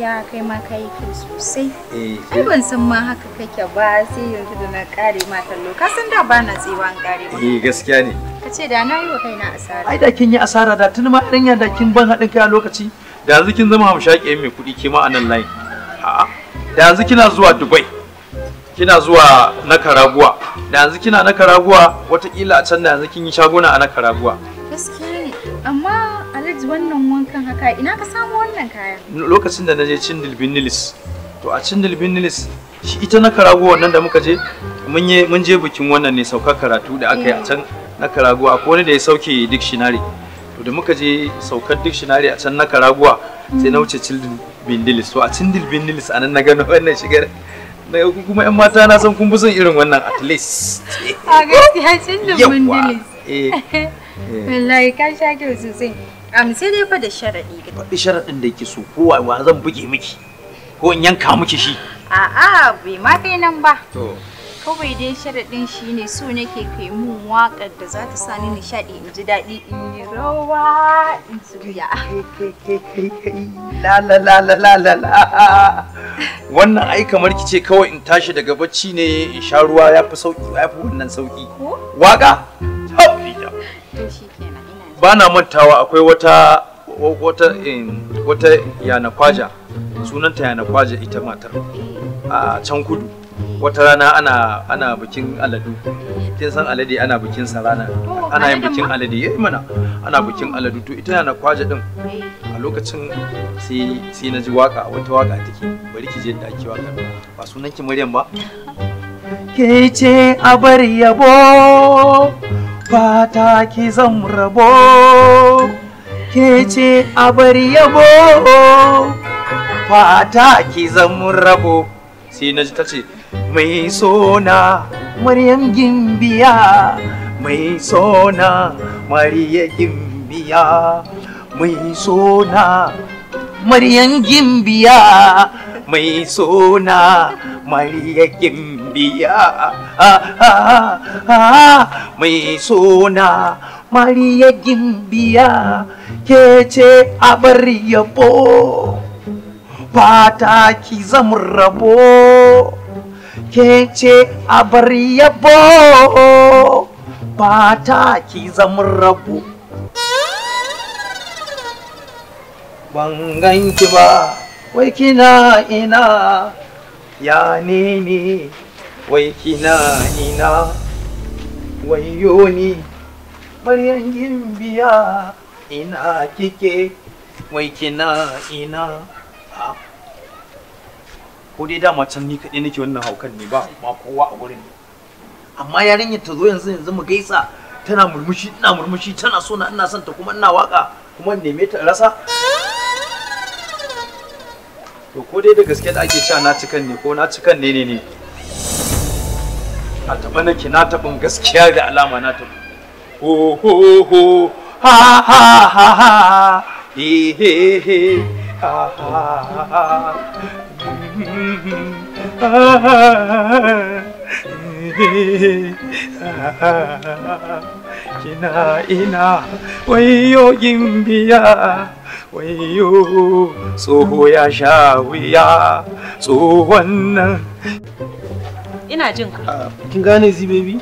ya kai ma ka yi kai sosai eh, ai ban san ma haka kake ba sai yanzu da na kare ma tallo, ka san da ba na tsiwa an kare ma eh gaskiya ne ka ce da na yi wa kaina asara ai da kin yi asara da tun ma ɗanya da kin ban haɗin kai a lokaci da yanzu kin zama hamshaƙi mai kuɗi ke ma a nan layin a'a da yanzu kina zuwa dubai kina zuwa na karaguwa da yanzu kina na karaguwa watakila a can da yanzu kin yi shaguna a na karaguwa yanzu wannan wankan haka ina ka samu wannan kaya lokacin da na je cin dilbin nilis. to a dilbin nilis shi ita na karago wannan da muka je mun je mun je bikin wannan ne sauka karatu da aka yi a eh. can na karago akwai wani da ya sauke dictionary to da muka je saukar dictionary a can na karaguwa sai na wuce cin dilbin nilis. to a cin dilbin binilis anan na gano wannan shigar na kuma yan mata na san kun fi son irin wannan at least a gaskiya dilbin nilis. Eh. Eh. wallahi ka sha kyau sosai am sai dai fa da sharaɗi. ga faɗi sharadin da yake so ko wa zan buge miki ko in yanka miki shi a'a bai ma kai nan ba to kawai dai sharaɗin shi ne so nake kai mun waƙar da za ta sani nishaɗi in ji daɗi in yi rawa in suya. La la la la la la Wannan ai kamar ki ce kawai in tashi daga bacci ne in sha ruwa ya fi sauƙi ya fi wannan sauƙi. Waƙa? ba na mantawa akwai wata wata wata yana kwaja sunanta yana kwaja ita matar a can kudu wata rana ana ana bikin aladu kin san alade ana bikin sa rana ana yin bikin alade yayi mana ana bikin aladu to ita yana kwaja din a lokacin sai sai na ji waka wata waka take bari ki je da ake waka ba sunan ki Maryam ba ke ce abar yabo fata ki zan rabo ke ce a bar yabo fata ki zan rabo sai na ji ta ce mai sona maryam gimbiya mai sona mariya gimbiya mai sona maryam gimbiya mai suna mariyakin biya mai suna mariyakin biya ke ce abar yabo fata ki zamun rabo ke ce yabo fata ki zamun rabo ban ganki ba wai kina ina ya nini wai kina ina wai yoni maryan gimbiya ina kike wai kina ina ko dai dama can ni kaɗai nake wannan haukan ne ba ma kowa a gurin amma yarinyar ta zo yanzu yanzu mu gaisa tana murmushi ina murmushi tana so na ina son ta kuma ina waka kuma neme ta rasa to ko dai da gaske da ake cewa na cikan ne ko na cikan ne ne ne a taɓa nake na taɓin gaskiya da alama na taɓin ho ho ho ha ha ha ha he he he ha ina biya wayo tsoho ya sha wuya tsohon nan ina jin ka ah, kin gane zi baby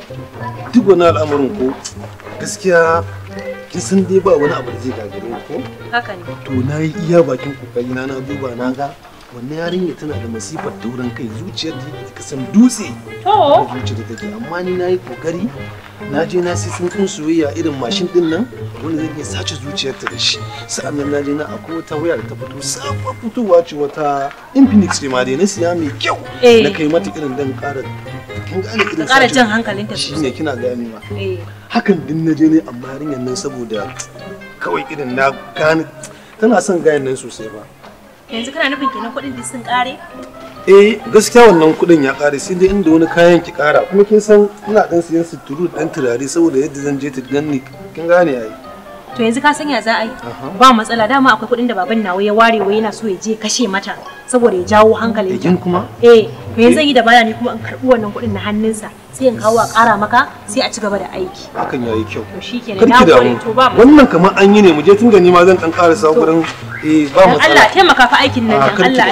duk wani al'amarin ko gaskiya kin san dai ba wani abu da zai gagare ko haka ne to na iya bakin kokari na na duba na ga wannan yarinya tana da masifar taurin kai zuciyar da ka san dutse to zuciyar da take amma ni nayi yi kokari na je na sai kun soyayya irin mashin din nan wanda zan iya sace zuciyarta da shi sa'annan na je na akwai wata waya da ta fito sabuwar fitowa ce wata infinix ne ma dai na siya mai kyau eh. na kai mata irin dan ƙara kin gane irin ƙara jan shi shine kina ma eh. hakan din na je ne amma yarinyar nan saboda kawai irin na gane tana son gayan nan sosai ba yanzu kana nufin kenan kuɗin sun kare. eh gaskiya wannan kuɗin ya ƙare sai dai inda wani kayan ki ƙara kuma kin san ina dan siyan suturu dan turare saboda yadda zan je ta ganni kin gane ai to yanzu ka san ya za a yi ba matsala dama akwai kuɗin da baban nawa ya ware wa yana so ya je kashe mata saboda ya jawo hankalin kin kuma eh to yanzu eh. zan yi da bayani ni kuma in karɓi wannan kuɗin na hannunsa sai in kawo a ƙara maka sai a ci gaba da aiki hakan yayi kyau to shikenan na gode to ba wannan kamar an yi ne mu je tun gani ma zan dan karasa gurin eh ba matsala Allah taimaka fa aikin nan ah, dan Allah